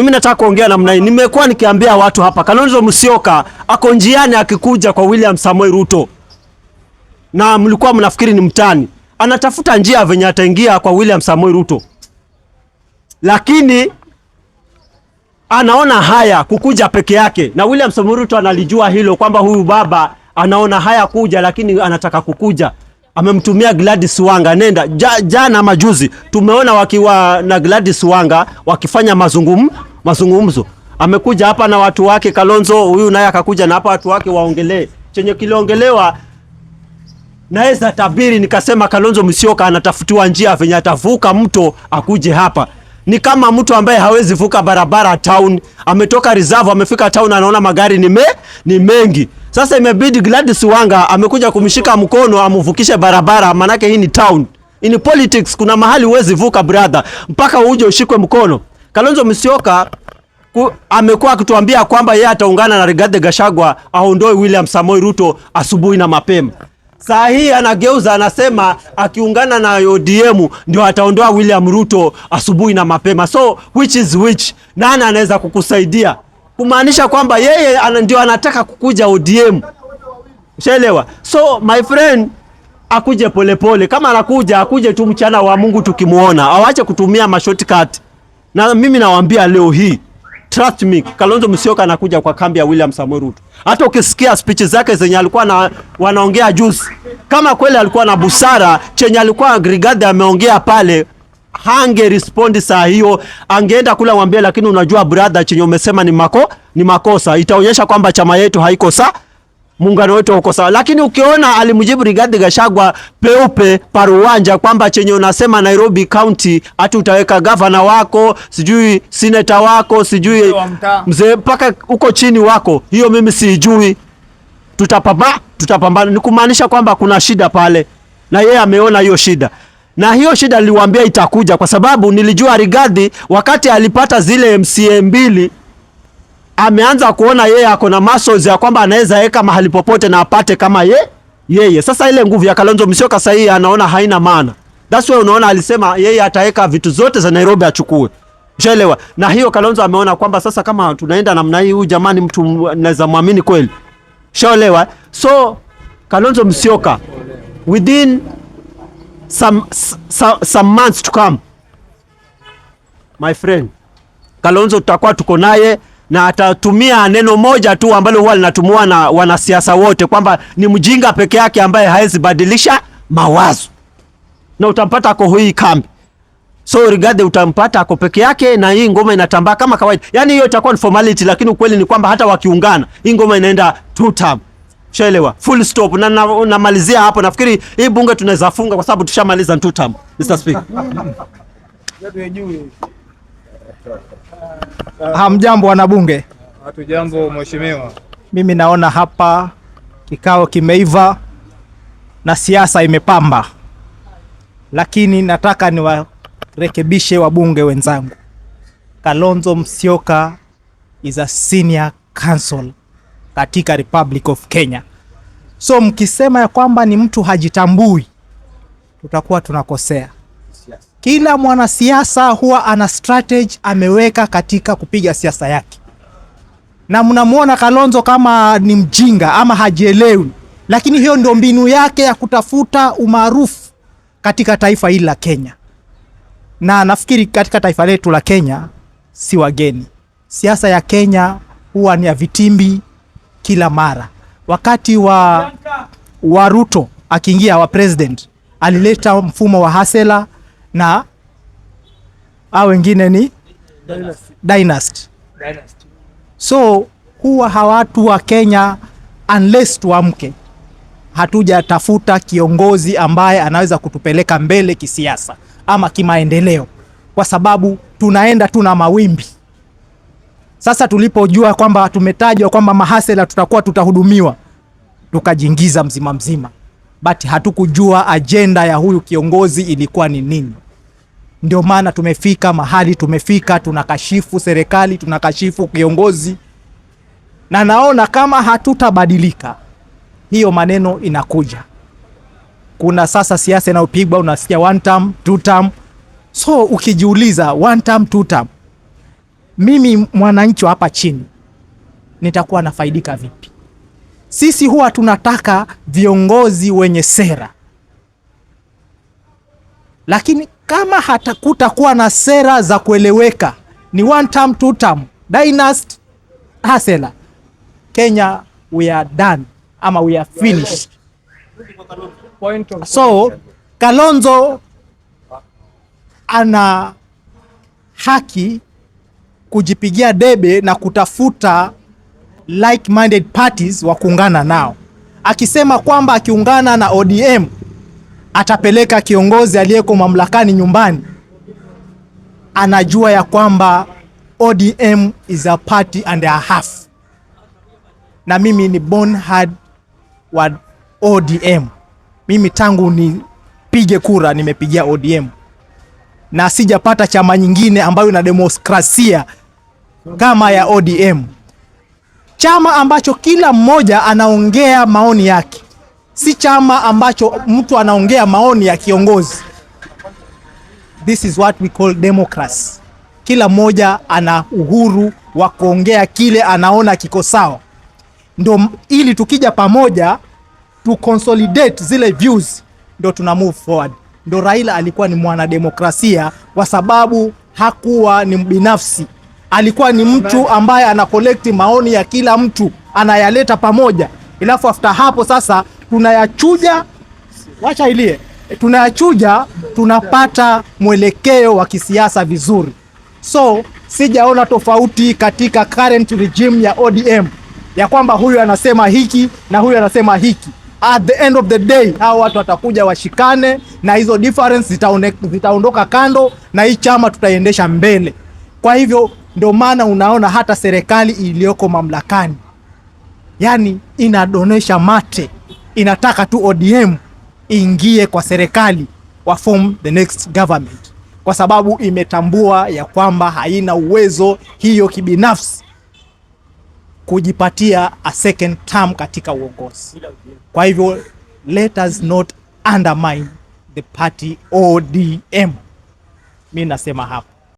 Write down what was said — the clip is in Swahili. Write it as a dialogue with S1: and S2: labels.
S1: Mimi nataka kuongea namna hii. Nimekuwa nikiambia watu hapa Kalonzo Musyoka ako njiani akikuja kwa William Samoei Ruto. Na mlikuwa mnafikiri ni mtani. Anatafuta njia venye ataingia kwa William Samoei Ruto. Lakini anaona haya kukuja peke yake. Na William Samoei Ruto analijua hilo kwamba huyu baba anaona haya kuja lakini anataka kukuja. Amemtumia Gladys Wanga nenda ja, jana majuzi tumeona wakiwa na Gladys Wanga wakifanya mazungumzo mazungumzo. Amekuja hapa na watu wake, Kalonzo huyu naye akakuja na hapa watu wake waongelee chenye kiliongelewa. Naweza tabiri nikasema Kalonzo Musyoka anatafutiwa njia venye atavuka mto akuje hapa. Ni kama mtu ambaye hawezi vuka barabara town, ametoka reserve amefika town, anaona magari ni, me, ni mengi. Sasa imebidi Gladys Wanga amekuja kumshika mkono amuvukishe barabara, manake hii ni town. In politics kuna mahali huwezi vuka brother, mpaka uje ushikwe mkono. Kalonzo Musyoka amekuwa akituambia kwamba yeye ataungana na Rigathi Gachagua aondoe William Samoei Ruto asubuhi na mapema. Saa hii anageuza anasema akiungana na ODM ndio ataondoa William Ruto asubuhi na mapema. So which is which? Nani anaweza kukusaidia? Kumaanisha kwamba yeye ndio anataka kukuja ODM. Shelewa. So my friend akuje polepole pole. Kama anakuja akuje tu mchana wa Mungu tukimuona. Awache kutumia mashortcut. Na mimi nawaambia leo hii, trust me, Kalonzo Musyoka anakuja kwa kambi ya William Samoei Ruto. Hata ukisikia speech zake zenye alikuwa na, wanaongea juzi, kama kweli alikuwa na busara, chenye alikuwa Rigathi ameongea pale hange respond saa hiyo, angeenda kula wambia. Lakini unajua brother, chenye umesema ni mako ni makosa, itaonyesha kwamba chama yetu haiko sawa muungano wetu uko sawa. Lakini ukiona alimjibu Rigathi Gachagua peupe para kwamba chenye unasema Nairobi County hati utaweka gavana wako sijui sineta wako sijui mzee mpaka uko chini wako, hiyo mimi sijui. Tutapamba, tutapambana. Ni kumaanisha kwamba kuna shida pale, na yeye ameona hiyo shida na hiyo shida niliwaambia itakuja, kwa sababu nilijua Rigathi wakati alipata zile MCA mbili ameanza kuona yeye ako na muscles ya kwamba anaweza weka mahali popote na apate kama ye yeye. Sasa ile nguvu ya Kalonzo Musyoka sasa hii anaona haina maana. That's why unaona alisema yeye ataweka vitu zote za Nairobi achukue. Ushaelewa? Na hiyo Kalonzo ameona kwamba sasa kama tunaenda namna hii, huyu jamani, mtu naweza muamini kweli? Ushaelewa? So Kalonzo Musyoka within some, some, some months to come, my friend Kalonzo tutakuwa tuko naye na atatumia neno moja tu ambalo huwa linatumiwa na wanasiasa wote kwamba ni mjinga peke yake ambaye hawezi badilisha mawazo, na utampata ako hii kambi. So rigade utampata ako peke yake, na hii ngoma inatambaa kama kawaida. Yani hiyo itakuwa ni formality, lakini ukweli ni kwamba hata wakiungana hii ngoma inaenda two term. Shaelewa, full stop. Na namalizia na hapo, nafikiri hii bunge tunaweza funga kwa sababu tushamaliza two term, Mr Speaker.
S2: Hamjambo wanabunge? Hatujambo mheshimiwa. Mimi naona hapa kikao kimeiva na siasa imepamba, lakini nataka niwarekebishe wabunge wenzangu. Kalonzo Musyoka is a senior counsel katika Republic of Kenya, so mkisema ya kwamba ni mtu hajitambui, tutakuwa tunakosea. Kila mwanasiasa huwa ana strategy ameweka katika kupiga siasa yake, na mnamwona Kalonzo kama ni mjinga ama hajielewi, lakini hiyo ndio mbinu yake ya kutafuta umaarufu katika taifa hili la Kenya. Na nafikiri katika taifa letu la Kenya si wageni, siasa ya Kenya huwa ni ya vitimbi kila mara. Wakati wa, wa Ruto akiingia wa president alileta mfumo wa hasela na a wengine ni dynast. So huwa hawatu wa Kenya unless tuamke, hatujatafuta kiongozi ambaye anaweza kutupeleka mbele kisiasa ama kimaendeleo, kwa sababu tunaenda tu na mawimbi. Sasa tulipojua kwamba tumetajwa kwamba mahasela tutakuwa tutahudumiwa, tukajiingiza mzima mzima, but hatukujua ajenda ya huyu kiongozi ilikuwa ni nini. Ndio maana tumefika mahali tumefika, tunakashifu serikali, tunakashifu kiongozi, na naona kama hatutabadilika, hiyo maneno inakuja. Kuna sasa siasa inayopigwa, unasikia one term, two term. So ukijiuliza one term, two term, mimi mwananchi wa hapa chini nitakuwa nafaidika vipi? Sisi huwa tunataka viongozi wenye sera lakini kama hatakutakuwa na sera za kueleweka, ni one term, two term, dynast hasela, Kenya we are done ama we are finished. So Kalonzo ana haki kujipigia debe na kutafuta like minded parties wa kuungana nao, akisema kwamba akiungana na ODM atapeleka kiongozi aliyeko mamlakani nyumbani, anajua ya kwamba ODM is a party and a half, na mimi ni born hard wa ODM. Mimi tangu nipige kura nimepigia ODM na sijapata chama nyingine ambayo ina demokrasia kama ya ODM, chama ambacho kila mmoja anaongea maoni yake si chama ambacho mtu anaongea maoni ya kiongozi. This is what we call democracy. Kila mmoja ana uhuru wa kuongea kile anaona kiko sawa, ndo ili tukija pamoja tu consolidate zile views, ndo tuna move forward. Ndo Raila alikuwa ni mwanademokrasia kwa sababu hakuwa ni mbinafsi, alikuwa ni mtu ambaye ana collect maoni ya kila mtu anayaleta pamoja, alafu after hapo sasa tunayachuja, wacha ilie, tunayachuja, tunapata mwelekeo wa kisiasa vizuri. So sijaona tofauti katika current regime ya ODM ya kwamba huyu anasema hiki na huyu anasema hiki. At the end of the day, hao watu watakuja washikane na hizo difference zitaondoka kando, na hii chama tutaiendesha mbele. Kwa hivyo ndio maana unaona hata serikali iliyoko mamlakani yani inadonesha mate inataka tu ODM ingie kwa serikali wa form the next government, kwa sababu imetambua ya kwamba haina uwezo hiyo kibinafsi kujipatia a second term katika uongozi. Kwa hivyo let us not undermine the party ODM. Mimi nasema hapo.